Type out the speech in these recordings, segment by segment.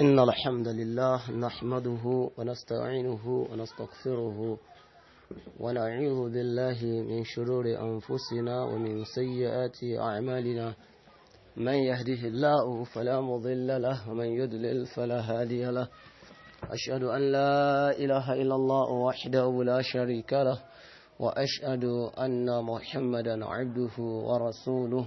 إن الحمد لله نحمده ونستعينه ونستغفره ونعوذ بالله من شرور أنفسنا ومن سيئات أعمالنا من يهده الله فلا مضل له ومن يدلل فلا هادي له أشهد أن لا إله إلا الله وحده لا شريك له وأشهد أن محمدا عبده ورسوله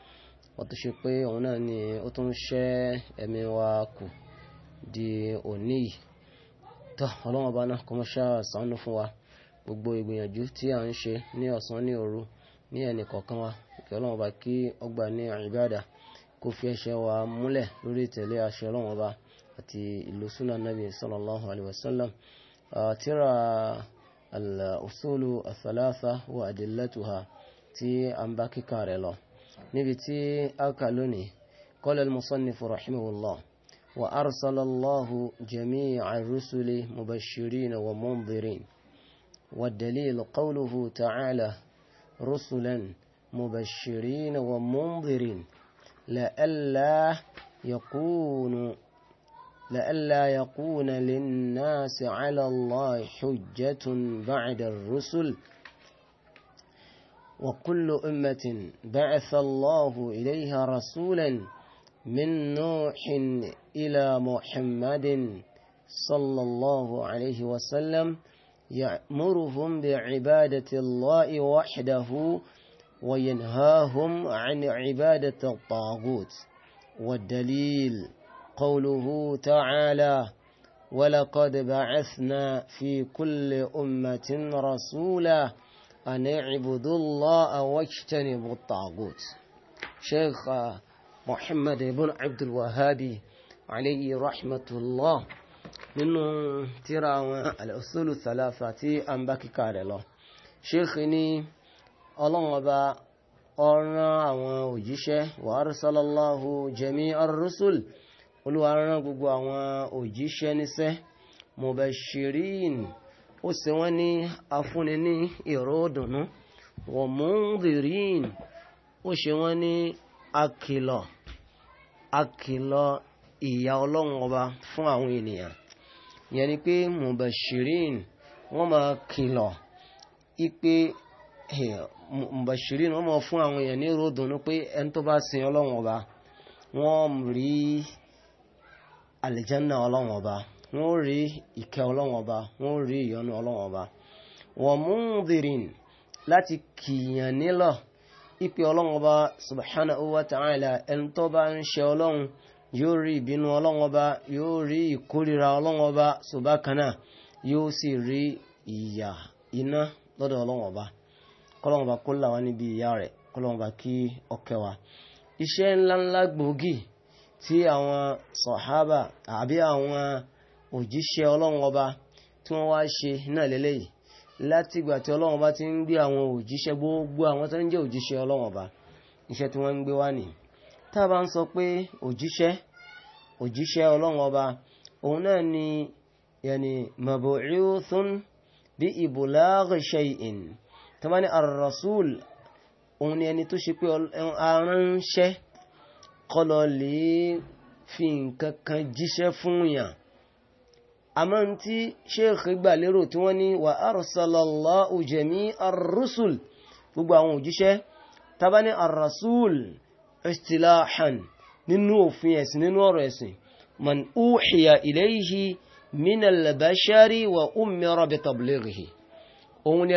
wọ́n tó ṣe pé òun náà ni ó tún ṣẹ́ ẹ̀mí wa kù di òní yìí tó ọlọ́wọ́n bá náà kọ́mọ́ṣá sànú fún wa gbogbo ìgbìyànjú tí à ń ṣe ní ọ̀sán ní òru ní ẹnì kọ̀ọ̀kan wa kí ọlọ́wọ́n bá kí ọgbà ní ìbádà kó fi ẹsẹ̀ wa múlẹ̀ lórí ìtẹ̀lé àṣẹ ọlọ́wọ́n bá àti ìlú súnà nàbì sallallahu alayhi wa sallam tíra al-usulu al-thalatha wa adillatuha tí a ń bá kíkà rẹ̀ lọ. نبتي أكلني قال المصنف رحمه الله وأرسل الله جميع الرسل مبشرين ومنظرين والدليل قوله تعالى رسلا مبشرين ومنظرين لئلا يكون لئلا يكون للناس على الله حجة بعد الرسل وكل أمة بعث الله إليها رسولا من نوح إلى محمد صلى الله عليه وسلم يأمرهم بعبادة الله وحده وينهاهم عن عبادة الطاغوت والدليل قوله تعالى ولقد بعثنا في كل أمة رسولا أن اعبدوا الله واجتنبوا الطاغوت شيخ محمد بن عبد الوهاب عليه رحمة الله منه ترى الأصول الثلاثة أن بكي كارلو شيخ ني الله با أرنا وجيشة وأرسل الله جميع الرسل قلوا أرنا قبوا وجيشة نسه مبشرين ó sì wọ́n ní afúnni ní ìró dùnú wọ́n mú ń ó ṣe wọ́n ní akìlọ̀ akìlọ̀ ìyà ọlọ́run ọba fún àwọn ènìyàn yẹn ni pé mubashirin wọ́n máa kìlọ̀ ipe mubashirin wọ́n máa fún àwọn èèyàn ní ìró dùnú pé ẹni tó bá sin ọlọ́run ọba wọ́n rí àlìjẹ́nà ọlọ́run ọba wọ́n rí ìkẹ́ ọlọ́wọ́n ọba wọ́n rí ìyọ́nú ọlọ́wọ́n ọba wọ́n mú ń dìrín láti kìyàn nílọ̀ ìpè ọlọ́wọ́n ọba subhanahu wa ta'ala ẹni tó bá ń ṣe ọlọ́run yóò rí ìbínú ọlọ́wọ́n ọba yóò rí ìkórira ọlọ́wọ́n ọba subakana yóò sì rí ìyà iná lọ́dọ̀ ọlọ́wọ́n ọba kọ́lọ́wọ́n ọba kó làwọn níbi ìyá rẹ̀ kọ́lọ́wọ́n ọba kí ọkẹ́ wa òjíṣẹ́ ọlọ́run ọba tí wọ́n wá ṣe náà lélẹ́yìí látìgbà tí ọlọ́run ọba ti ń gbé àwọn òjíṣẹ́ gbogbo àwọn tó ń jẹ́ òjíṣẹ́ ọlọ́run ọba iṣẹ́ tí wọ́n ń gbé wá nì tá a bá ń sọ pé òjíṣẹ́ òjíṣẹ́ ọlọ́run ọba òun náà ni yẹni mabu'uthun bí ibulaghi shay'in tó bá ní ar òun ni ẹni tó ṣe pé aránṣẹ́ kọlọ lè fi nǹkan kan jíṣẹ́ fún yàn àmọ́ tí sheikh gbà lérò tí wọ́n ní wà arsalallahu jami'a ar-rusul gbogbo àwọn òjíṣẹ́ tàbá ní ar-rasul istilahan nínú òfin ẹ̀sìn nínú ọ̀rọ̀ ẹ̀sìn man uhiya ilayhi min al-bashari wa umira bi tablighihi òun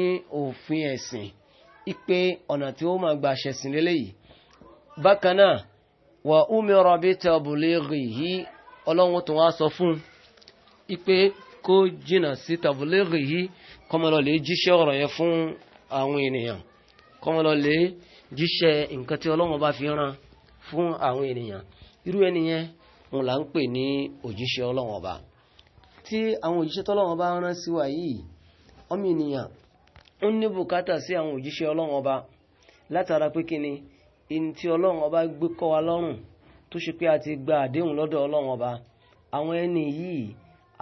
ni òfin ẹ̀sìn ipe ọ̀nà tí ó máa gba ṣẹ̀sìn lélẹ́yìí bákan náà wà umira bi tablighihi ọlọ́run tó wá sọ fún ipe kó jìnà sí tablighihi kọmọlọ́lẹ̀ jíṣẹ́ ọ̀rọ̀ yẹn fún àwọn ènìyàn kọmọlọ́lẹ̀ jíṣẹ́ nǹkan tí ọlọ́run bá fi rán fún àwọn ènìyàn irú ẹnìyẹn wọn là ń pè ní òjíṣẹ́ ọlọ́run ọba tí àwọn òjíṣẹ́ tọ́lọ́run bá rán sí wa yìí ọmọ ènìyàn ń ní bùkátà sí àwọn òjíṣẹ́ ọlọ́run ọba látara pé kíni ẹni tí ọlọ́run ọba gbé kọ́ wa lọ́rùn tó ṣe pé a ti gba àdéhùn lọ́dọ̀ ọlọ́run ọba àwọn ẹni yìí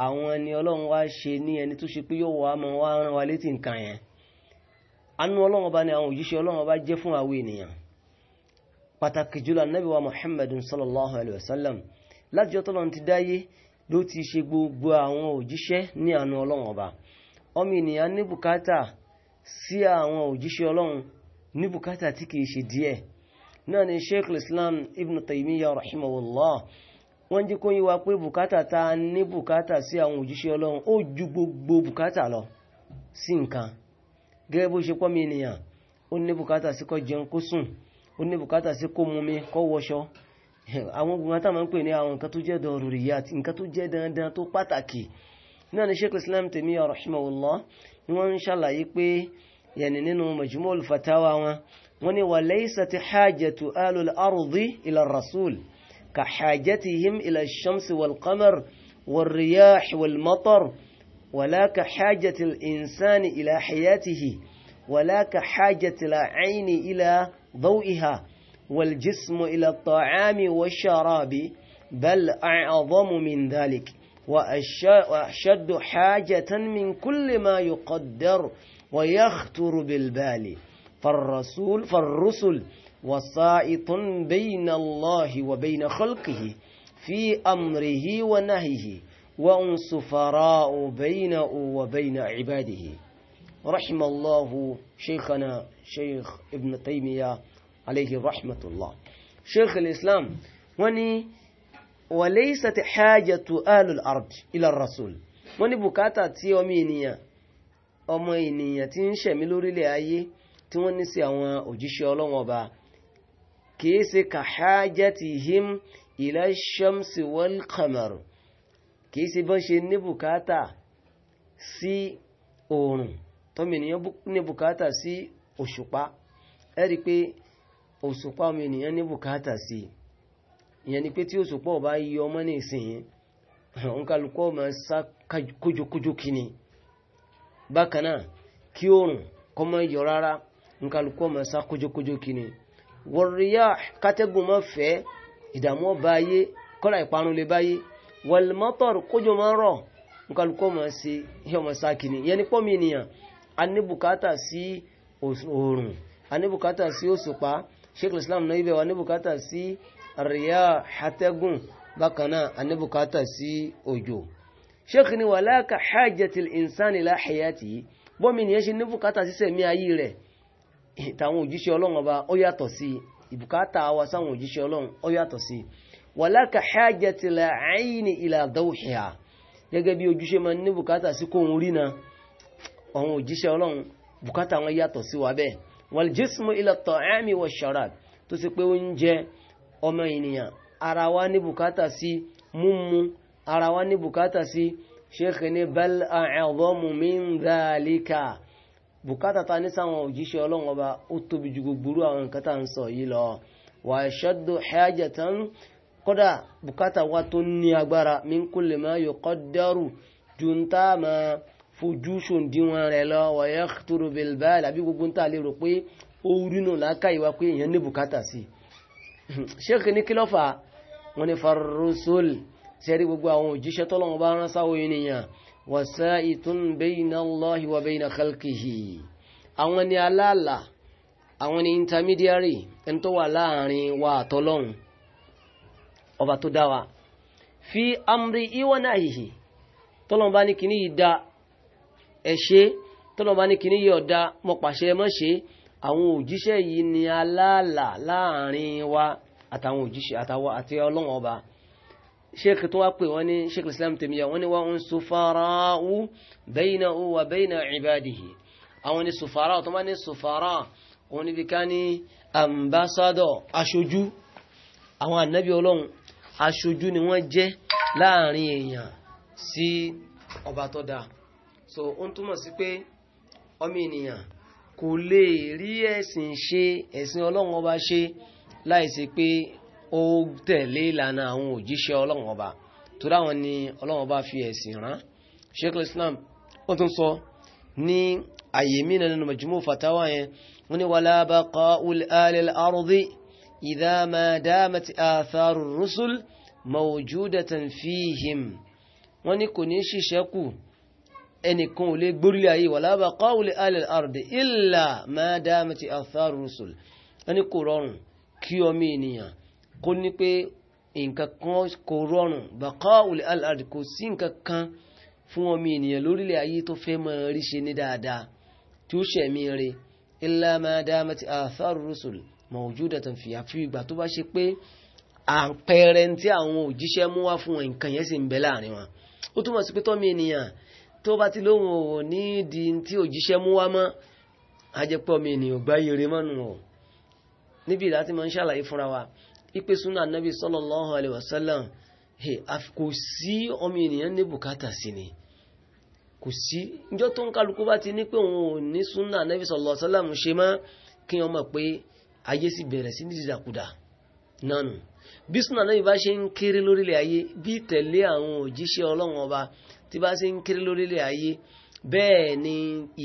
àwọn ẹni ọlọ́run wá ṣe ní ẹni tó ṣe pé yóò wá mọ wá rán wa létí nǹkan yẹn anú ọlọ́run ọba ni àwọn òjíṣẹ́ ọlọ́run ọba jẹ́ fún àwọn ènìyàn pàtàkì jùlọ anábì wa muhammadun sallallahu alayhi wa sallam láti ọjọ́ tọ́lọ́run ti dáyé ló ti ṣe gbogbo àwọn òjíṣẹ́ ní àánú ọlọ́run ọba ọmọ ènìyàn ní bùkátà sí àwọn òjíṣẹ́ ọlọ́run ní bùkátà tí kìí ṣe díẹ̀ náà ni sheikh islam ibn taymiya rahimahullah wọ́n jẹ́ kó yí wa pé bùkátà ta ní bùkátà sí àwọn òjíṣẹ́ ọlọ́run ó ju gbogbo bùkátà lọ sí nǹkan gẹ́gẹ́ bó ṣe pọ́ mi ènìyàn ó ní bùkátà sí kó jẹun kó sùn ó ní bùkátà sí kó mumi kó wọṣọ àwọn bùkátà máa ń pè ní àwọn nǹkan tó jẹ́ dọ̀rùrìyà nǹkan tó jẹ́ dandan tó pàtàkì náà ni sheikh islam taymiya rahimahullah ni wọ́n ń ṣàlàyé pé yẹni nínú majmul fatawa wọn wọ́n ni wà laysati hajjatu alul ardi ila rasul ka hajjatihim ila shamsi wal qamar wal riyah wal matar wala ka hajjati al insani ila hayatihi wala ka hajjati al aini ila ضوئها والجسم إلى الطعام والشراب بل أعظم من ذلك وأشد حاجة من كل ما يقدر ويخطر بالبال فالرسول فالرسل وسائط بين الله وبين خلقه في أمره ونهيه وأن سفراء بينه وبين عباده رحم الله شيخنا شيخ ابن تيمية عليه رحمة الله شيخ الإسلام وني walaysat hajatu alul ard ila rasul wọ́n ní bùkátà tí ọmọ ènìyàn ọmọ ènìyàn tí ń ṣẹ̀mí lórílẹ̀ ayé tí wọ́n ní sí àwọn òjíṣẹ́ ọlọ́wọ́n ọba kìí ṣe ka hajatihim ila shamsi wal qamar kìí ṣe bọ́n ṣe ní bùkátà sí oòrùn tọ́mọ ènìyàn ní bùkátà sí òṣùpá ẹ rí i pé òṣùpá ọmọ ènìyàn ní bùkátà sí i ìyẹn ni pé tí òṣùpá ọba yọ ọmọ ní ìsìn òǹkàlùkọ́ ọmọ sá kójókójó kíni bákan náà kí oòrùn kọ́ mọ́ yọ rárá òǹkàlùkọ́ ọmọ sá kójókójó kíni wọ̀rìyà kátẹ́gùn mọ́ fẹ́ ìdààmú ọba ayé kọ́lá ìparun lè báyé wọ̀lmọ́tọ̀rù kójó mọ́ rọ̀ òǹkàlùkọ́ ọmọ sí ọmọ sá kíni ìyẹn ni pọ́mi ènìyàn a ní bùkátà sí oòrùn a ní bùkátà sí òṣùpá sheikh islam náà ibẹ̀ wa ní bùkátà sí ríyá àtẹ́gùn bákanáà anibukata sí òjò sheikh ni wà láàkà hajjatil insani la hayati bọ́mí ni yẹ́ ṣe níbukata sí sẹ̀mí ayé rẹ̀ tàwọn òjíṣẹ́ ọlọ́run ọba ó yàtọ̀ sí ìbùkátà wa sáwọn òjíṣẹ́ ọlọ́run ó yàtọ̀ sí wà láàkà hajjatil aini ila dawhiha gẹ́gẹ́ bí ojúṣe ma ní bùkátà sí tó sì pé oúnjẹ ọmọ ènìyàn ara wa ní bùkátà sí múmu ara wa ní bùkátà sí sheikh ní bal a'dhamu min dhalika bùkátà ta ní sáwọn òjíṣẹ́ ọlọ́run ọba ó tóbi ju gbogbo àwọn nǹkan tá à ń sọ yìí lọ wa ashaddu hajatan kódà bùkátà wa tó ní agbára min kulli ma yuqaddaru ju ń tá a máa fojú sòǹdíwọ̀n rẹ̀ lọ wa yakhturu bil bal àbí gbogbo ń tà lérò pé ó rí nù lákàyè wa pé èèyàn ní bùkátà sí i sheikh ní kí ló fà wọ́n ní farrusul sẹ́rí gbogbo àwọn òjíṣẹ́ tọ́lọ́wọ́ bá rán sáwọ́ ènìyàn wasa'itun bayna Allahi wa bayna khalqihi àwọn ni aláàlà àwọn ni intermediary ẹni tó wà láàrin wa àtọ́lọ́hun ọba tó dá wa fi amri iwa nahihi tọ́lọ́wọ́ bá ní kíní yìí dá ẹ ṣe tọ́lọ́wọ́ bá ní kíní yìí ọ̀dá mọ̀ pàṣẹ àwọn òjíṣẹ́ yìí ni aláàlà láàrin wa àtàwọn òjíṣẹ́ àtàwọn àti ọlọ́run ọba sheikh tó wá pè wọ́n ní sheikh islam tèmíyà wọ́n ní wọ́n ń sùfàràwù bẹ́yìnà òwà bẹ́yìnà ìbádìhì àwọn ni sùfàrà tó máa ní sùfàrà òun níbi ká ní ambassador aṣojú àwọn ànábì ọlọ́run aṣojú ni wọ́n jẹ́ láàrin èèyàn sí ọba tó dáa so ó ń túmọ̀ sí pé ọmọ ènìyàn kò lè rí ẹ̀sìn ṣe ẹ̀sìn ọlọ́run ọba ṣe láìsí pé ó tẹ̀lé ìlànà àwọn òjíṣẹ́ ọlọ́run ọba tó dáwọn ni ọlọ́run ọba fi ẹ̀sìn rán sheikh islam ó tún sọ ní àyè mìíràn nínú majmu fatawa yẹn wọ́n ní wala baqa'ul alil ardi idha ma damat atharu rusul mawjudatan fihim wọ́n ní kò ní ṣiṣẹ́ kù ẹnìkan ò lè gbórílẹ̀ ayé wà lábà kọ́wùlẹ̀ alẹ́ àrùdẹ̀ ìlà máa dáàmì ti àfáàrù rùsùl ẹni kò rọrùn kí ọmọ ènìyàn kó ní pé nǹkan kan kò rọrùn bà kọ́wùlẹ̀ alẹ́ àrùdẹ̀ kò sí nǹkan kan fún ọmọ ènìyàn lórílẹ̀ ayé tó fẹ́ mọ rí ṣe ní dáadáa tí ó ṣẹ̀mí rẹ̀ ìlà máa dáàmì ti àfáàrù rùsùl mà òjú dàtàn fìyà fi ìgbà tó bá ṣe pé àpẹẹrẹ tí àwọn òjíṣẹ́ mú wá fún nǹkan yẹn sì ń bẹ láàrin wọn ó túmọ̀ sí pé tọ́mọ ènìyàn tó bá ti lóhun ò ní di tí òjíṣẹ́ mú wá mọ́ ajẹ́pọ̀ mi ènìyàn gbá yèrè mọ́nu ọ̀ níbi tí máa ń ṣàlàyé fúnra wa ipe súnà nábì sallallahu alaihi wasallam kò sí ọmọ ènìyàn ní bùkátà sí ni kò sí njọ́ tó ń kálukú sí dídàkudà nánu bí súnà bá tí bá ṣe ń kéré lórílẹ̀ ayé bẹ́ẹ̀ ni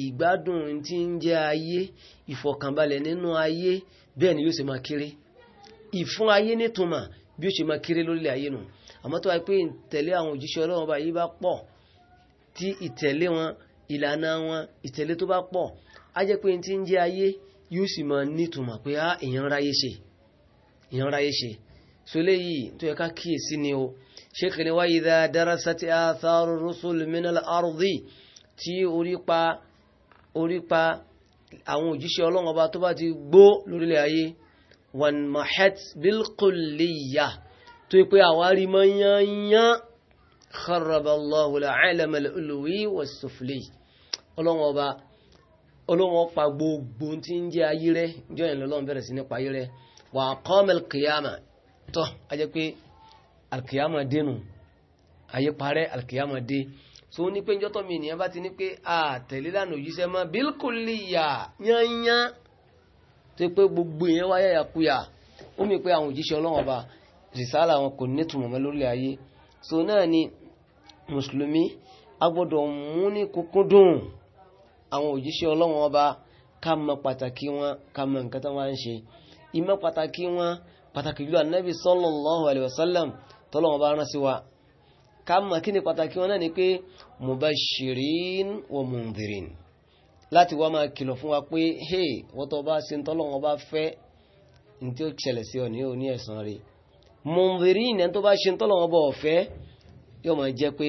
ìgbádùn tí ń jẹ́ ayé ìfọ̀kànbalẹ̀ nínú ayé bẹ́ẹ̀ ni yóò ṣe máa kéré ìfún ayé nítumà bí ó ṣe máa kéré lórílẹ̀ ayé nù àmọ́ tó wá pé ìtẹ̀lé àwọn òjíṣẹ́ ọlọ́run bá yí bá pọ̀ tí ìtẹ̀lé wọn ìlànà wọn ìtẹ̀lé tó bá pọ̀ á jẹ́ pé tí ń jẹ́ ayé yóò sì máa nítumà pé á èèyàn ráyé ṣe èèyàn ráyé ṣe so léyìí tó yẹ ká kíyèsí ni o شيخ ni درست idha الرسل من rusul تي al-ardi tí orípa orípa àwọn òjíṣẹ́ ọlọ́run ọba tó bá ti gbó lórílẹ̀ ayé wan mahat bil kulliya tó pé àwárí mọ́ yányán kharaballahu al-alama al-ulwi was-sufli ọlọ́run ọba ọlọ́run ọpa gbogbo tí ń jẹ́ ayé rẹ̀ jọ́yìn lọ́lọ́run bẹ̀rẹ̀ sí nípa ayé rẹ̀ wa aqama al-qiyama tó a jẹ́ pé alkiyama dénú ayé parẹ́ alkiyama dé so ní pé njọ́tọ̀ mi ènìyàn bá ti ní pé àtẹ̀lélànà òjíṣẹ́ mọ́ bílkùlì yà yányán tó pé gbogbo èèyàn wáyà yàkuyà ó mi pé àwọn òjíṣẹ́ ọlọ́run ọba rìsálà wọn kò ní tùmọ̀ lórí ayé so náà ni mùsùlùmí a gbọ́dọ̀ mú ní kúkún dùn àwọn òjíṣẹ́ ọlọ́run ọba ká mọ pàtàkì wọn ká mọ nǹkan tó wá ṣe ìmọ̀ pàtàkì wọn pàtàkì jùlọ ànábì sallallahu alaihi wasallam tọ́lọ́wọ́n bá rán sí wa ká mọ̀ kí ni pàtàkì wọn náà ni pé mubashirin wa mundhirin láti wá máa kìlọ̀ fún wa pé hey wọ́n tó bá ṣe tọ́lọ́wọ́n bá fẹ́ ní tí ó ṣẹlẹ̀ sí ọ ní òní ẹ̀san rẹ̀ mundhirin ẹni tó bá ṣe tọ́lọ́wọ́n bá ọ̀fẹ́ yóò máa jẹ́ pé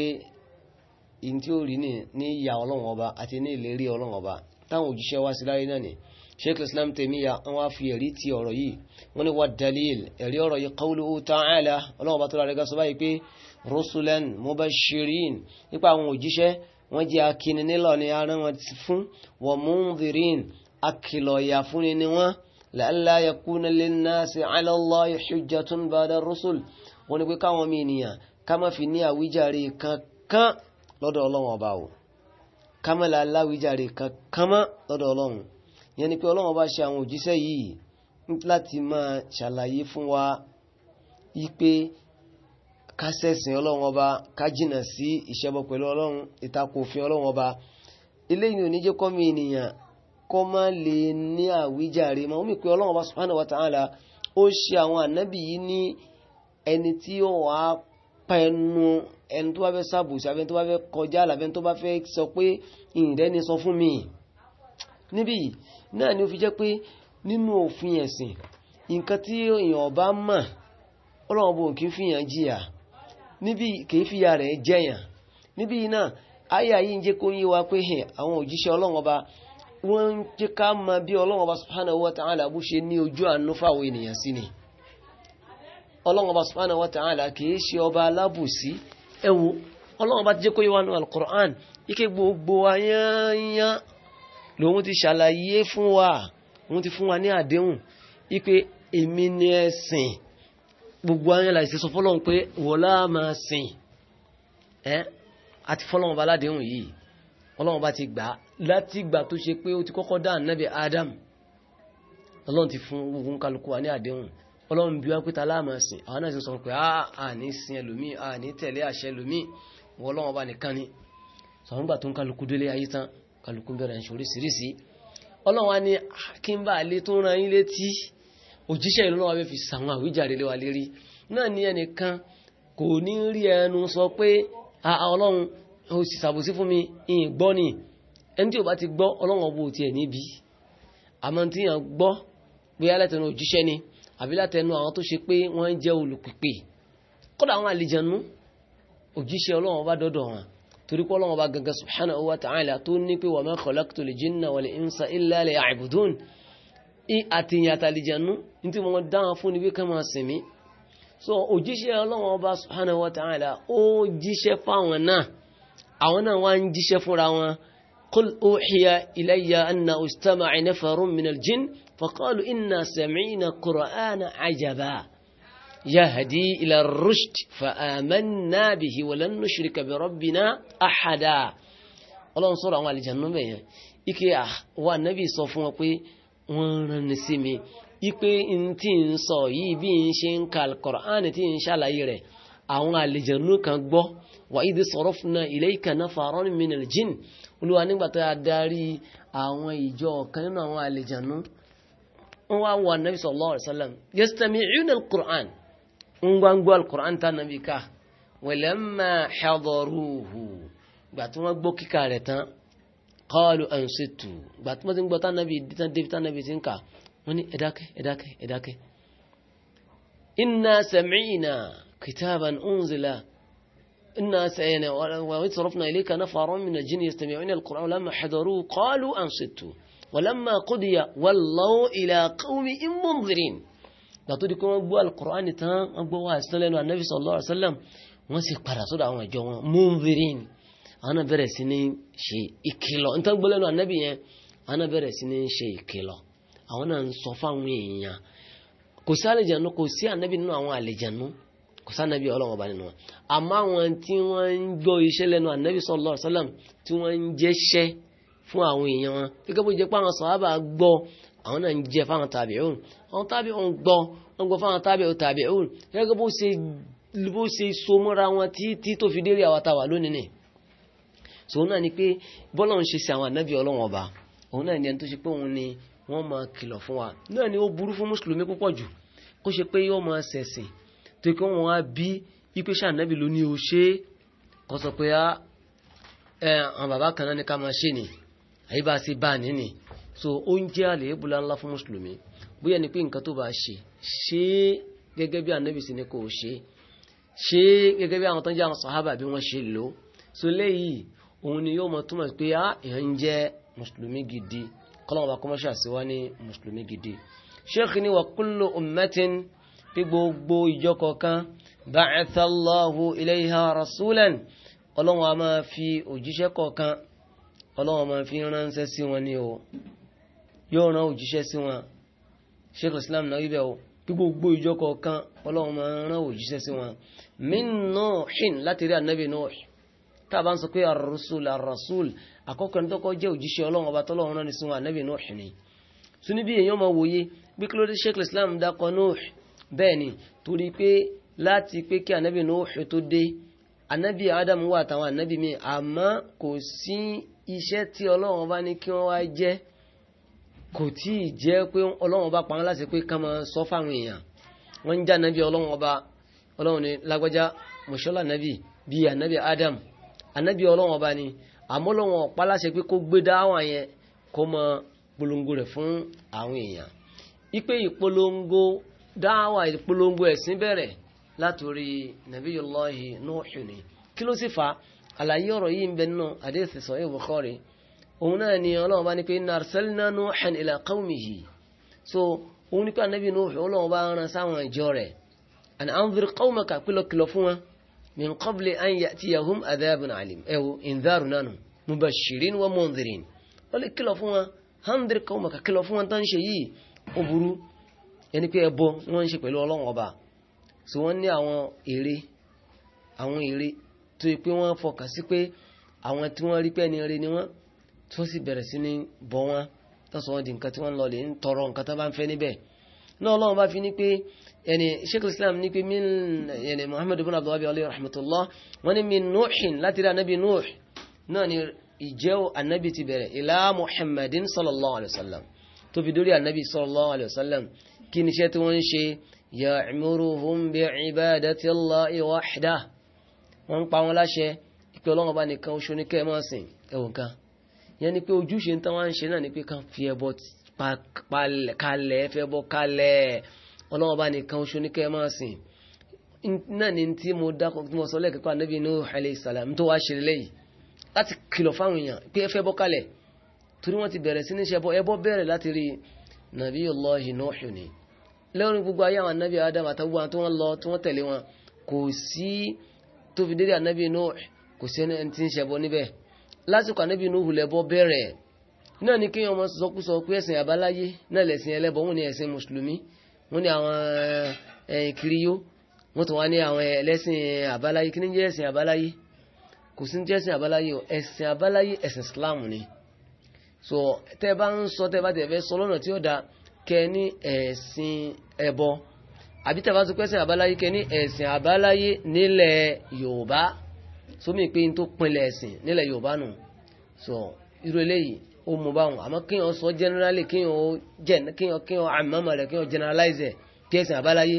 ní tí ó rí ní ìyà ọlọ́wọ́n ọba àti ní ìlérí ọlọ́wọ́n ọba táwọn òjíṣẹ́ wá sí láyé náà ni sheikh islam tèmíyà wọ́n fi ẹ̀rí ti ọ̀rọ̀ yìí wọ́n ní wà dalil ẹ̀rí ọ̀rọ̀ yìí qawluhu ta'ala ọlọ́wọ́ bá tó rà rẹ̀gá sọ báyìí pé rusulan mubashirin nípa àwọn òjíṣẹ́ wọ́n jẹ́ akíni nílọ ni ara wọn ti fún wa mundhirin akìlọ̀yà fúnni ni wọ́n la'alla yakuna linnasi 'ala Allahi hujjatun ba'da rusul wọ́n ní pé káwọn mi ènìyàn ká fi ní àwíjàre kankan lọ́dọ̀ ọlọ́wọ́n ọba o ká má la kankan mọ́ lọ́dọ̀ yẹn ni pé ọlọ́run bá ṣe àwọn òjíṣẹ́ yìí láti máa ṣàlàyé fún wa ipe kásẹ̀sìn ọlọ́run ọba kájìnà sí ìṣẹ́bọ pẹ̀lú ọlọ́run ìtakò òfin ọlọ́run ọba eléyìí ò ní jẹ́ kọ́mi ènìyàn kọ́ má lè ní àwíjàre mọ́ wípé ọlọ́run ọba subhanahu wa ta'ala ó ṣe àwọn ànábì yìí ní ẹni tí ó wà á pa ẹnu ẹni tó bá fẹ́ ṣàbòsí abẹ́ni tó bá fẹ́ kọjá àlàbẹ́ni tó bá fẹ́ sọ pé ìrẹ́ni sọ fún mi níbí yìí náà ni ó fi jẹ́ pé nínú òfin ẹ̀sìn nǹkan tí èèyàn bá mọ̀ ọlọ́run bò kí fi yàn jìyà níbí kìí fìyà rẹ̀ jẹyàn níbí yìí náà àyà yìí ń jẹ́ kó yé wa pé àwọn òjíṣẹ́ ọlọ́run wọ́n ń jẹ́ ká mọ bí ọlọ́run subhanahu wa ta'ala bó ṣe ní ojú àánú fáwọn ènìyàn sí ni ọlọ́run ọba subhanahu wa ta'ala kìí ṣe ọba alábùsí ẹ̀wọ̀n ọlọ́run ti jẹ́ kó yé wa nù al-Qur'an ike gbogbo ayányán lòun ti ṣàlàyé fún wa òun ti fún wa ní àdéhùn ipe èmi ni ẹ̀sìn gbogbo ayẹ́lá ìṣẹ́sọ fọ́lọ́run pé wọ́lá máa sìn ẹ́ àti fọ́lọ́run bá ládéhùn yìí ọlọ́run bá ti gbà láti gbà tó ṣe pé ó ti kọ́kọ́ dá ànábì Adam ọlọ́run ti fún ogun kálukú wa ní àdéhùn ọlọ́run bí wá pé ta láàmà sìn àwọn náà ti sọ pé a ní sin ẹlòmíì a ní tẹ̀lé àṣẹ ẹlòmíì wọ́n bá nìkan ni sọ̀rọ̀ nígbà tó ń kálukú délé ayé tán kálukú bẹ̀rẹ̀ ń ṣoríṣiríṣi ọlọ́wà ní ah, kí n bá lè tó ran yín létí òjíṣẹ́ ìlú náà fi sàwọn àwíjàre lé wa lérí náà ní ẹnìkan kò ní rí ẹnu sọ pé ah, ah, ọlọ́run ó fún mi ìyìn gbọ́ ni ẹni tí ò bá ti gbọ́ ọlọ́run ọbọ̀ tiẹ̀ níbi àmọ́ tí yàn gbọ́ pé alátẹnu òjíṣẹ́ ni àbí látẹnu àwọn tó ṣe pé wọ́n ń jẹ́ olùpìpè kódà àwọn àlejànú òjíṣẹ́ ọlọ́run bá torí pé ọlọ́wọ́ bá gangan subhanahu wa ta'ala tó ní pé wa ma khalaqtul jinna wal insa illa liya'budun àtìyàn àtàlìjànú ní tí wọ́n dáhùn fún níbi ká máa sinmi so òjíṣẹ́ ọlọ́wọ́ bá subhanahu wa ta'ala ó jíṣẹ́ fáwọn náà àwọn náà wá ń jíṣẹ́ fúnra wọn qul uhiya ilayya anna istama'a nafarun minal yahdi ila rushd fa amanna bihi wa lan nushrika bi rabbina ahada ọlọ́run sọ̀rọ̀ àwọn àlìjànú bẹ̀yẹn ike wa nabi sọ fún wọn pé wọ́n rán ni sí mi ipe n tí ń sọ yìí bí n ṣe ń ka alkọ̀rán tí ń ṣàlàyé rẹ̀ àwọn àlìjànú kan gbọ́ wà ìdí sarafna ilayka nafaran minal jin olúwa nígbàtí a àwọn ìjọ kan nínú àwọn àlìjànú ń alquran tá nàbí ká walamma hadaruhu gbà gboki ka rẹ̀ tán qalu ansitu gbà tí wọ́n zin ń gbọ́ tá nàbí tán débi tá nàbí ti ń kà debi nabi zin ka muni edake ẹ̀dákẹ́ inna sami'na kitaban unzila إنا سأينا وإذ صرفنا إليك نفر من الجن يستمعون القرآن لما حضروه قالوا أنصتوا ولما قضي والله إلى قوم منظرين gbà tó di pé wọ́n gbọ́ alukur'ani tán wọ́n gbọ́ wá àṣìṣe lẹ́nu anabi sallallahu alaihi wasallam wọ́n sì padà sọ́dọ̀ àwọn ìjọ wọn múnvirin àwọn náà bẹ̀rẹ̀ sí ní ṣe ìkìlọ̀ nítorí gbọ́ lẹ́nu anabi yẹn àwọn náà bẹ̀rẹ̀ sí ní ṣe ìkìlọ̀ àwọn náà ń sọ fáwọn èèyàn kò sí àlejànú kò sí anabi nínú àwọn àlejànú kò sí anabi ọlọ́wọ́n ọba nínú wọn àmọ́ àwọn tí wọ́n ń gbọ́ àwọn náà ń jẹ fáwọn tabi'un àwọn tabi'un gbọ́ wọ́n gbọ́ fáwọn tabi'u tabi'un gẹ́gẹ́ bó ṣe bó ṣe so mọ́ra wọn títí tó fi dérí àwọn tàwà lónìí ni so náà ni pé bọ́lá ń ṣe sí àwọn ànábì ọlọ́wọ́n ọba òun náà ni ẹni tó ṣe pé òun ni wọ́n máa kìlọ̀ fún wa náà ni ó burú fún mùsùlùmí púpọ̀ jù kó ṣe pé yóò máa ṣẹ̀sìn tó kí wọ́n á bí ipe ṣàǹdẹ́bì ló ní o ṣe kó pé ah, eh, àwọn bàbá kan náà ní ká máa ṣe ni àyíbá sí bá ní ni so oúnjẹ àléébù ńlá fún mùsùlùmí bóyá ni pé nǹkan tó bá ṣe ṣe gẹ́gẹ́ bí ànábì sí ni kò ṣe ṣe gẹ́gẹ́ bí àwọn tó ń jẹ́ àwọn sàhábà bí wọ́n ṣe lò so léyìí òun ni yóò mọ túmọ̀ pé á èèyàn jẹ́ mùsùlùmí gidi kọ́lọ́wọ́n bá kọ́mọ́ṣà sí wá ní mùsùlùmí gidi sheikh ni wa kullu ummatin pé gbogbo ìjọ kọ̀ọ̀kan ba'athallahu yóò rán òjíṣẹ́ sí wọn sheikh islam náà ibẹ̀ o kí gbogbo ìjọ kọ̀ọ̀kan ọlọ́run máa rán òjíṣẹ́ sí wọn min nuhin láti rí ànábì nuh tá a bá ń sọ pé ar-rusul ar-rasul àkọ́kọ́ ẹni tọ́kọ́ jẹ́ òjíṣẹ́ ọlọ́run ọba tọ́lọ́run rán ní sí wọn ànábì nuh ni tún níbi èèyàn máa wòye pé kí ló dé sheikh islam dákọ nuh bẹ́ẹ̀ ni torí pé láti pé kí ànábì nuh tó dé ànábì adam wà àtàwọn ànábì míì àmọ́ kò sí iṣẹ́ tí ọlọ́run ọba ní kí wọ́n wá jẹ́ kò tí ì jẹ́ pé ọlọ́run ọba pa wọn láti pé ká máa sọ fáwọn èèyàn wọ́n ń já nàbí ọlọ́run ọba ọlọ́run ní lágbájá mọ̀ṣọ́lá nàbí bíi ànábì Adam ànábì ọlọ́run ọba ni àmọ́ ọlọ́run ọ̀pá láti pé kó gbé dáwà yẹn kó máa polongo rẹ̀ fún àwọn èèyàn ipe ìpolongo dáwà ìpolongo ẹ̀sìn bẹ̀rẹ̀ látòrí nàbíyullahi Nuhu ni kí ló sì fa àlàyé ọ̀rọ̀ yìí ń bẹ nínú àdéhùn sọ̀rọ̀ òun náà ni ọlọ́run bá ní pé inna arsalna nuhan ila qawmihi so òun ní pé anabi nuhu ọlọ́run bá rán sáwọn ìjọ rẹ̀ an anzir qawmaka kìlọ̀kìlọ̀ fún wọn min qabli an ya'tiyahum adhabun alim ẹ̀wò indharu nánu mubashirin wa mundhirin wọ́n lè kìlọ̀ fún wọn anzir qawmaka kìlọ̀ fún wọn wọ́n ń ṣe pẹ̀lú ọlọ́run ọba so wọ́n ní àwọn ère àwọn ère tó yẹ pé wọ́n fọkàn sí pé àwọn tí wọ́n sì bẹ̀rẹ̀ sí ní bọ́ wọn tọ́sọ̀ wọn di nǹkan tí wọ́n lọ lè ń tọrọ nǹkan tó bá ń fẹ́ níbẹ̀ náà ọlọ́run bá fi ní pé ẹni sheikh islam ní pé min ẹni muhammad ibn abdul wabi alayhi rahmatullah wọ́n ní min nuhin láti rí anabi nuh náà ni ìjẹ́ anabi ti bẹ̀rẹ̀ ilá muhammadin sallallahu alayhi wa sallam tó fi dórí anabi sallallahu alayhi wa sallam kí ni iṣẹ́ tí wọ́n ń ṣe ya'muruhum bi'ibadati allahi wahdah wọ́n ń pa wọn láṣẹ ìpè ọlọ́run bá nìkan oṣù ní kẹ́ẹ̀ máa ẹ̀wọ̀n kan yẹn ni pé ojúṣe tán wá ń ṣe náà ni pé kàn fi ẹbọ kalẹ̀ fi ẹbọ kalẹ̀ ọlọ́wọ́ bá nìkan oṣù ní kẹ́ máa sìn náà ni tí mo dákọ̀ tí mo sọ lẹ́ẹ̀kẹ́kọ́ anábì inú alayhi salam tó wá ṣe lẹ́yìn láti kìlọ̀ fáwọn èèyàn pé ẹ fẹ́ bọ́ kalẹ̀ torí wọ́n ti bẹ̀rẹ̀ sí ní ṣẹbọ ẹbọ bẹ̀rẹ̀ láti rí Nabiyullahi Nuhu ni lẹ́rìn gbogbo ayé àwọn anábì Adam àtàwọn àwọn tí wọ́n lọ tí wọ́n tẹ̀lé wọn kò sí tó fi dédé anábì Nuhu kò sí ẹni tí ń ṣẹbọ níbẹ̀ lásìkò ànábì inú hùlẹ̀ bọ́ bẹ̀rẹ̀ náà ni kéèyàn ọmọ sọkúsọ pé ẹ̀sìn àbáláyé náà lẹ̀sìn ẹlẹ́bọ wọn ni ẹ̀sìn mùsùlùmí wọn ni àwọn ẹ̀yìn kiriyó wọn tó wá ní àwọn ẹlẹ́sìn àbáláyé kí ni jẹ́ ẹ̀sìn àbáláyé kò sí jẹ́ ẹ̀sìn àbáláyé o ẹ̀sìn àbáláyé ẹ̀sìn Islam ni so tẹ́ bá ń sọ tẹ́ bá tẹ́ fẹ́ sọ lọ́nà tí ó da kẹ ní ẹ̀sìn ẹbọ àbí tẹ́ bá sọ pé ẹ̀sìn àbáláyé kẹ ní ẹ̀sìn àbáláyé nílẹ̀ Yorùbá sómi pé n tó pinlẹ̀ ẹ̀sìn nílẹ̀ yorùbá nù sọ irú eléyìí ó mú báwọn àmọ́ kéèyàn sọ generally kéèyàn kéèyàn kéèyàn àmọ́mọ́ rẹ̀ kéèyàn generalize ẹ̀ bí ẹ̀sìn àbáláyé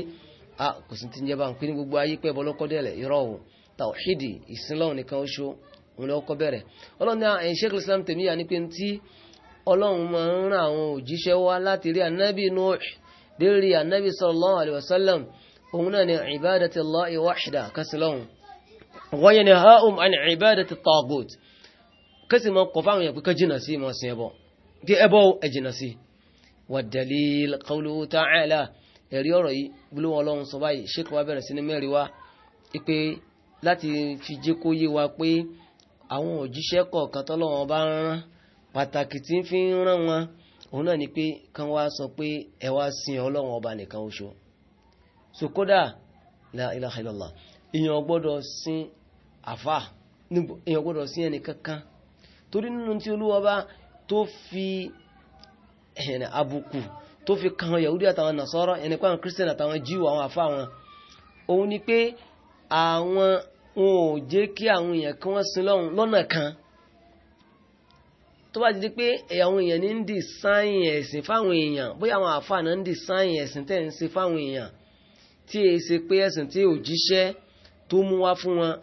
a kò sí ti ń jẹ́ báwọn pé ní gbogbo ayé pẹ́ bọ́lọ́kọ́dẹ́lẹ̀ irọ́ o tàwọ̀hídì ìsinlọ́hùn nìkan oṣù òun lọ́kọ́ bẹ̀rẹ̀ ọlọ́run ní ẹ̀yìn Sheikh Islam Taymiyyah ní pé tí ọlọ́run máa ń ran àwọn òjíṣẹ́ wá láti rí anábì Nuh وينهاهم عن عبادة الطاغوت كسما قفاهم يبقى جنسي ما سيبو دي أبو أجنسي والدليل قوله تعالى يريوري بلو الله صباي شكوا برسين ميريوا ipe láti fi jẹ́ kó yé wa pé àwọn òjíṣẹ́ kọ̀ọ̀kan tọ́lọ́wọ́n bá ń rán pàtàkì tí ń fi ń rán wọn òun náà ni pé kan wá sọ pé ẹ e wá sin ọlọ́wọ́n ọba nìkan oṣù so kódà la ilaha illallah èèyàn gbọ́dọ̀ sin àfà èèyàn gbọ́dọ̀ sí ẹni kankan torí nínú tí olúwa bá tó fi àbùkù tó fi kan yahudi àtàwọn nasọ́rọ̀ ẹni pàwọn christian àtàwọn jíwò àwọn àfà wọn òun ni pé àwọn wọn ò jẹ́ kí àwọn èèyàn kí wọ́n sin lọ́hùn lọ́nà kan tó bá ti di pé àwọn èèyàn ní ń di sáyìn fáwọn èèyàn bóyá àwọn àfà náà ń di sáyìn tẹ̀ ń ṣe fáwọn èèyàn tí èyí ṣe pé ẹ̀sìn tí òjíṣẹ́ tó mú wá fún wọn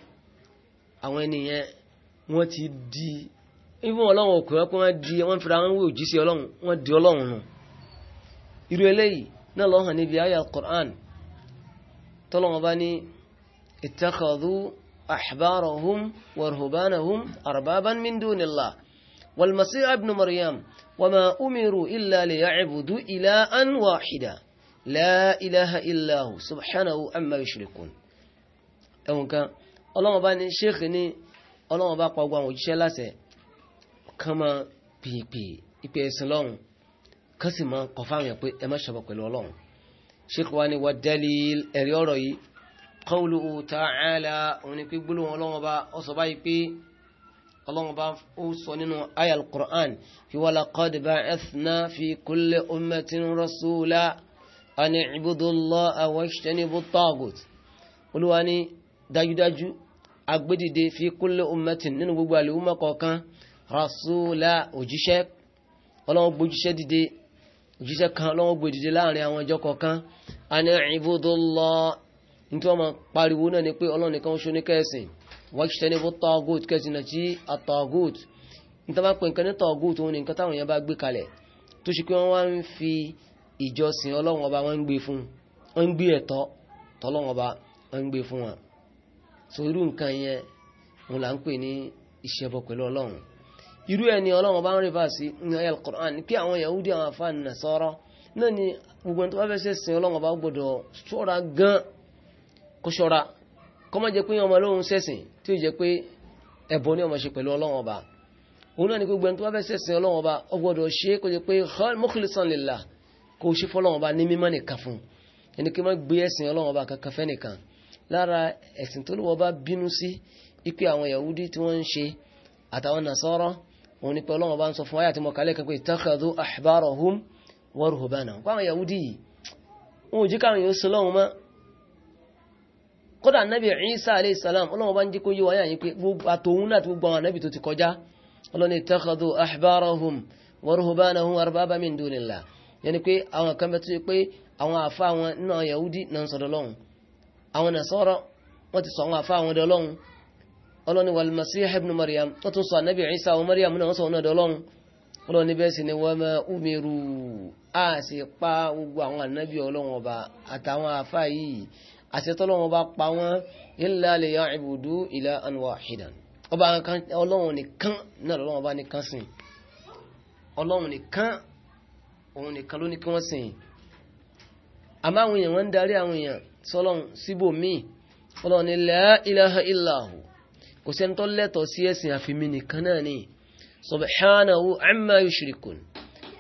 àwọn ènìyàn wọ́n ti di ibùn ọlọ́run òkú ẹ̀kọ́ wọ́n di wọ́n fira wọn wí òjíṣẹ́ ọlọ́run wọ́n di ọlọ́run nù irú eléyìí náà ló hàn níbi ayé al-Qur'an tọ́lọ́wọ́n bá ní ittakhadhu ahbarahum wa arbaban min dunillah والمسيح ابن مريم وما أمروا إلا ليعبدوا إلها واحدا لا إله إلا هو سبحانه عما يشركون ọlọ́wọ́n bá ní sheikh ní ọlọ́wọ́n bá pa gbogbo àwọn òjíṣẹ́ láṣẹ kán máa pèpè ìpè ẹ̀sìn lọ́hùn kán sì máa kọ̀ fáwọn yẹn pé ẹ má ṣọ̀bọ̀ pẹ̀lú ọlọ́hùn sheikh wa ni wà dalil ẹ̀rí ọ̀rọ̀ yìí qawlu ta'ala òun ni pé gbólóhùn ọlọ́wọ́n bá ọ sọ báyìí pé ọlọ́wọ́n ó sọ nínú aya al fi wa laqad ba'athna fi kulli ummatin rasula dájúdájú agbédìde fi kule ummatin nínú gbogbo àlèwúmọ́ kọ̀ọ̀kan rasúlá òjíṣẹ́ ọlọ́wọ́ gbójúṣẹ́ dìde òjíṣẹ́ kan ọlọ́wọ́ gbèdìde láàrin àwọn ìjọ kọ̀ọ̀kan a ní ibudullah tí wọ́n máa pariwo náà ni pé ọlọ́run nìkan ṣo ní kẹ́ẹ̀sìn wáṣíṣẹ́ ní bó tọ́gùt kẹ́sìn náà tí a tọ́gùt níta bá pè nǹkan ní tọ́gùt òun táwọn bá gbé kalẹ̀ tó ṣe pé fi ìjọsìn ọlọ́run ọba wọ́n ń gbé fún so irú nǹkan yẹn òun là ń pè ní ìṣẹbọ pẹ̀lú ọlọ́run irú ẹ̀ ni ọlọ́run bá ń rí fàásì ní ayé al-Qur'an kí àwọn Yahudi àwọn afáà Nasara náà ni gbogbo ẹni tó bá fẹ́ ṣe sìn ọlọ́run bá gbọ́dọ̀ ṣọ́ra gan kó ṣọ́ra kó má jẹ́ pé ọmọ lóhun ṣẹ̀sìn tí ó jẹ́ pé ẹ̀bọ ni ọmọ ṣe pẹ̀lú ọlọ́run ọba òun náà ni gbogbo ẹni fẹ́ ṣe sìn ọlọ́run ọba ó ṣe kó jẹ́ pé mukhlisan lillah kó ṣe fọ́lọ́run ọba ní mímọ́ nìkan fún ẹni kí má gbé ẹ̀sìn ọlọ́run ọba kankan fẹ́ nìkan lára ẹ̀sìn tó lówó bá bínú sí ipe àwọn Yahudi tí wọ́n ń ṣe àtàwọn Nasara òun ni pé Ọlọ́run bá ń sọ fún ayé àti mọ̀kálẹ́ kan pé ittakhadhu ahbarahum wa ruhbanahum pàwọn Yahudi yìí wọn ò jí káwọn yóò sọlọ́run mọ́ kódà nábì Isa alayhi salam Ọlọ́run bá ń jí kó yí wáyà yìí pé àtòun náà ti gbogbo àwọn nábì tó ti kọjá Ọlọ́run ittakhadhu ahbarahum wa ruhbanahum arbaba min dunillah yẹni pé àwọn kan bẹ tó yẹ pé àwọn àfa àwọn náà Yahudi náà sọ̀rọ̀ lọ́hùn àwọn nasara wọ́n ti sọ àwọn afá àwọn ọdọọlọ́run ọlọ́ni wal masih ibn maryam wọ́n tún sọ ànábì isa àwọn maryam náà wọ́n sọ àwọn ọdọọlọ́run ọlọ́ni bẹ́ẹ̀ sì ni wa ma umiru a sì pa gbogbo àwọn ànábì ọlọ́run ọba àtàwọn afá yìí àṣetọ́lọ́run ọba pa wọ́n illa liya'budu ilahan wahidan ọba ọlọ́run nìkan náà ọlọ́run ọba nìkan sìn ọlọ́run nìkan òun nìkan ló ní kí wọ́n sìn àmọ́ àwọn èèyàn wọ́n ń darí àwọn èèyàn sọ́lọ́n síbòmí ọlọ́run ni la ilaha illahu kò sẹ́ni tó lẹ́tọ̀ọ́ sí ẹ̀sìn àfimí nìkan náà ni subhanahu amma yushrikun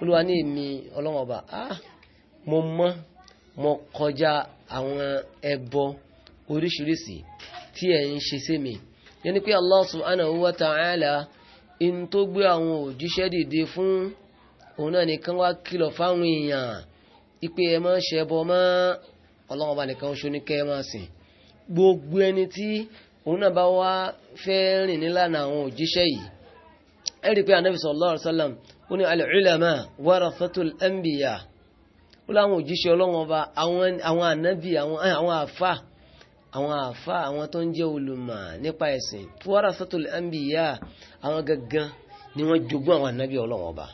olúwa ní èmi ọlọ́run ọba ah mo mọ́ mo kọjá àwọn ẹbọ oríṣiríṣi tí ẹ̀ ń ṣe sí mi yẹn ni pé Allah subhanahu wa ta'ala in tó gbé àwọn òjíṣẹ́ dìde fún òun náà nìkan wá kìlọ̀ fáwọn èèyàn ipe ẹ má ṣẹbọ mọ́ ọlọ́wọ́n bá nìkan ṣo ní kẹ́ẹ́ máa sìn gbogbo ẹni tí òun náà bá wá fẹ́ rìn nílànà àwọn òjíṣẹ́ yìí ẹ rí i pé anabi sallallahu alaihi wasallam ó ní al-ulama warathatul anbiya ó láwọn òjíṣẹ́ ọlọ́wọ́n bá àwọn anabi àwọn àfa àwọn àfa àwọn tó ń jẹ́ olùmọ̀ nípa ẹ̀sìn warathatul anbiya àwọn gangan ni wọ́n jogún àwọn anabi ọlọ́wọ́n bá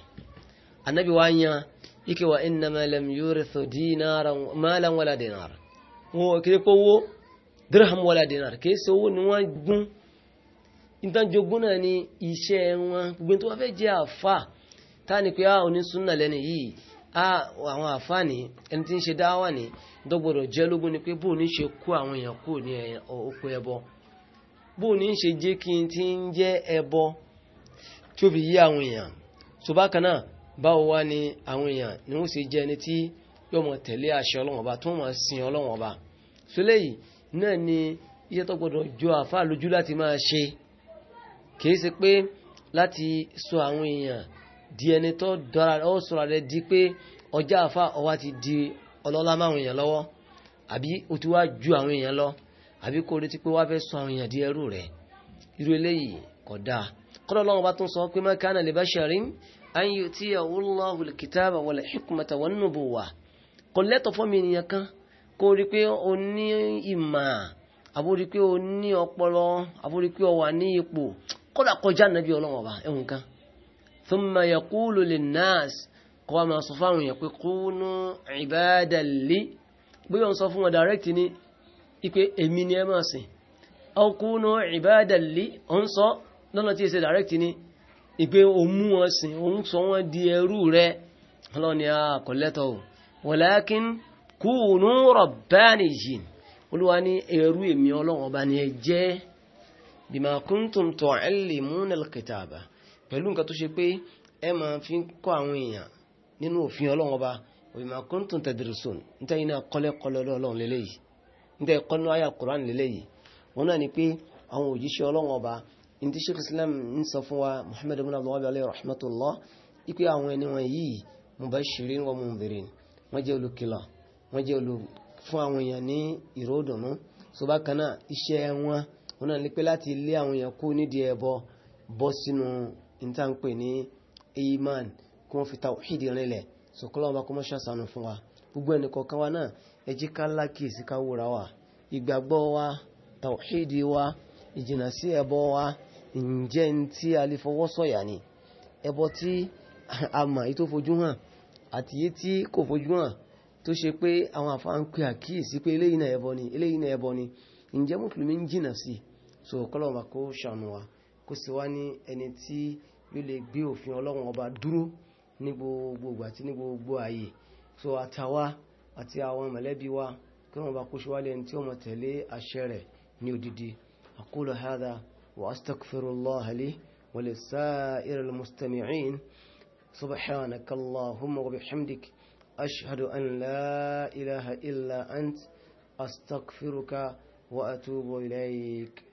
anabi wa yan ike wa inna ma lam yurithu dinaran malan wala dinar wo kire ko wo dirham wala dinar ke se wo ni wọ́n gun intan jogun náà ni iṣẹ́ wọn gbogbo tó wá fẹ́ jẹ́ àfà ta ni pé a oni sunna leni yìí a àwọn àfà ni en tin ṣe dawa ni dogboro je logun ni pé bó ni ṣe kó àwọn èyàn kò ní oko ẹbọ bó ni ṣe jẹ́ kin tin jẹ ẹbọ tí ó fi yí àwọn èyàn so bákan náà báwo wá ni àwọn èèyàn ni wọ́n sì jẹ́ ẹni tí yóò mọ̀ tẹ̀lé àṣẹ ọlọ́wọ́n ọba tó mọ̀ sin ọlọ́wọ́n ọba sólẹ́ yìí náà ni iṣẹ́ tó gbọdọ̀ jọ àfáà lójú láti máa ṣe kìí ṣe pé láti sọ àwọn èèyàn di ẹni tó dọ́ra ó sọ̀rọ̀ rẹ di pé ọjà àfáà ọwá ti di ọlọ́lá máwọn èèyàn lọ́wọ́ àbí o ti wá ju àwọn èèyàn lọ àbí kò retí pé wá fẹ́ sọ àwọn èèyàn di ẹrú rẹ̀ irú eléyìí kódà kọ́dọ̀ Ọlọ́run bá tún sọ pé ma kana li basharin an yu'tiyahu Allahu al-kitaba wal-hikmata wan-nubuwwa kò lẹ́tọ̀ fọ́mi ènìyàn kan kó rí pé o ní ìmọ̀ àbórí pé o ní ọpọlọ àbórí pé o wà ní ipò kódà kọjá nàbí ọlọ́wọ́ ọba ẹ̀wọ̀n kan thumma yaqulu lin-nas kọ́ wa máa sọ fáwọn èèyàn pé kunu ibadan li bí wọ́n sọ fún wọn direct ni ipe èmi ni ẹ máa sìn aw kunu ibadan li ọ̀n sọ lọ́nà tí ì ṣe direct ni ìpé o mú wọn sìn òun sọ wọn di ẹrú rẹ ọlọ́ni àkọlẹ́tọ̀ walakin kunu rabbaniyin olúwa ní ẹrú èmi ọlọ́run ọba ni ẹ jẹ́ bima kuntum tu'allimuna al-kitaba pẹ̀lú nǹkan tó ṣe pé ẹ máa fi ń kọ́ àwọn èèyàn nínú òfin ọlọ́run ọba bima kuntum tadrusun nítorí náà kọ́lẹ́kọ́lẹ́ ọlọ́run náà ni pé in ti sheikh islam ń sọ fún wa muhammad ibn abdullahi alayhi rahmatullah ipe àwọn ẹni wọn yìí mubashirin wa mundhirin wọ́n jẹ́ olùkìlọ̀ wọ́n jẹ́ olù fún àwọn èèyàn ní ìró ìdùnnú so bákan náà iṣẹ́ wọn wọn náà ní pé láti lé àwọn èèyàn kú nídìí ẹbọ bọ́ sínú ìtànpè ní iman kí wọ́n fi tawhid rinlẹ̀ so kọ́lọ́ ọba kó mọ́ ṣàṣàánú fún wa gbogbo ẹnì kọ̀ọ̀kan wa náà ẹ jẹ́ ká lákìsí ká wúra wa ìgbàgbọ́ wa tawhid wa ìjìnà sí ẹbọ wa ǹjẹ́ ń tí a lè fọwọ́ sọ̀yà ni ẹbọ tí a mọ̀ èyí tó fojú hàn àti èyí tí kò fojú hàn tó ṣe pé àwọn àfa ń pe àkíyèsí pé eléyìí náà ẹbọ ni eléyìí náà ẹbọ ni ǹjẹ́ mùsùlùmí ń jìnà sí i so kọ́lọ̀ wa kó ṣàánú wa kó sì wá ní ẹni tí yóò lè gbé òfin ọlọ́run ọba dúró ní gbogbo ìgbà àti ní gbogbo ààyè so àtàwa àti àwọn mọ̀lẹ́bí wa kí wọ́n bá kó ṣe wálé ẹni tí ó mọ̀ tẹ̀lé àṣẹ rẹ̀ ní odidi àkólọ̀ hádà وأستغفر الله لي ولسائر المستمعين سبحانك اللهم وبحمدك أشهد أن لا إله إلا أنت أستغفرك وأتوب إليك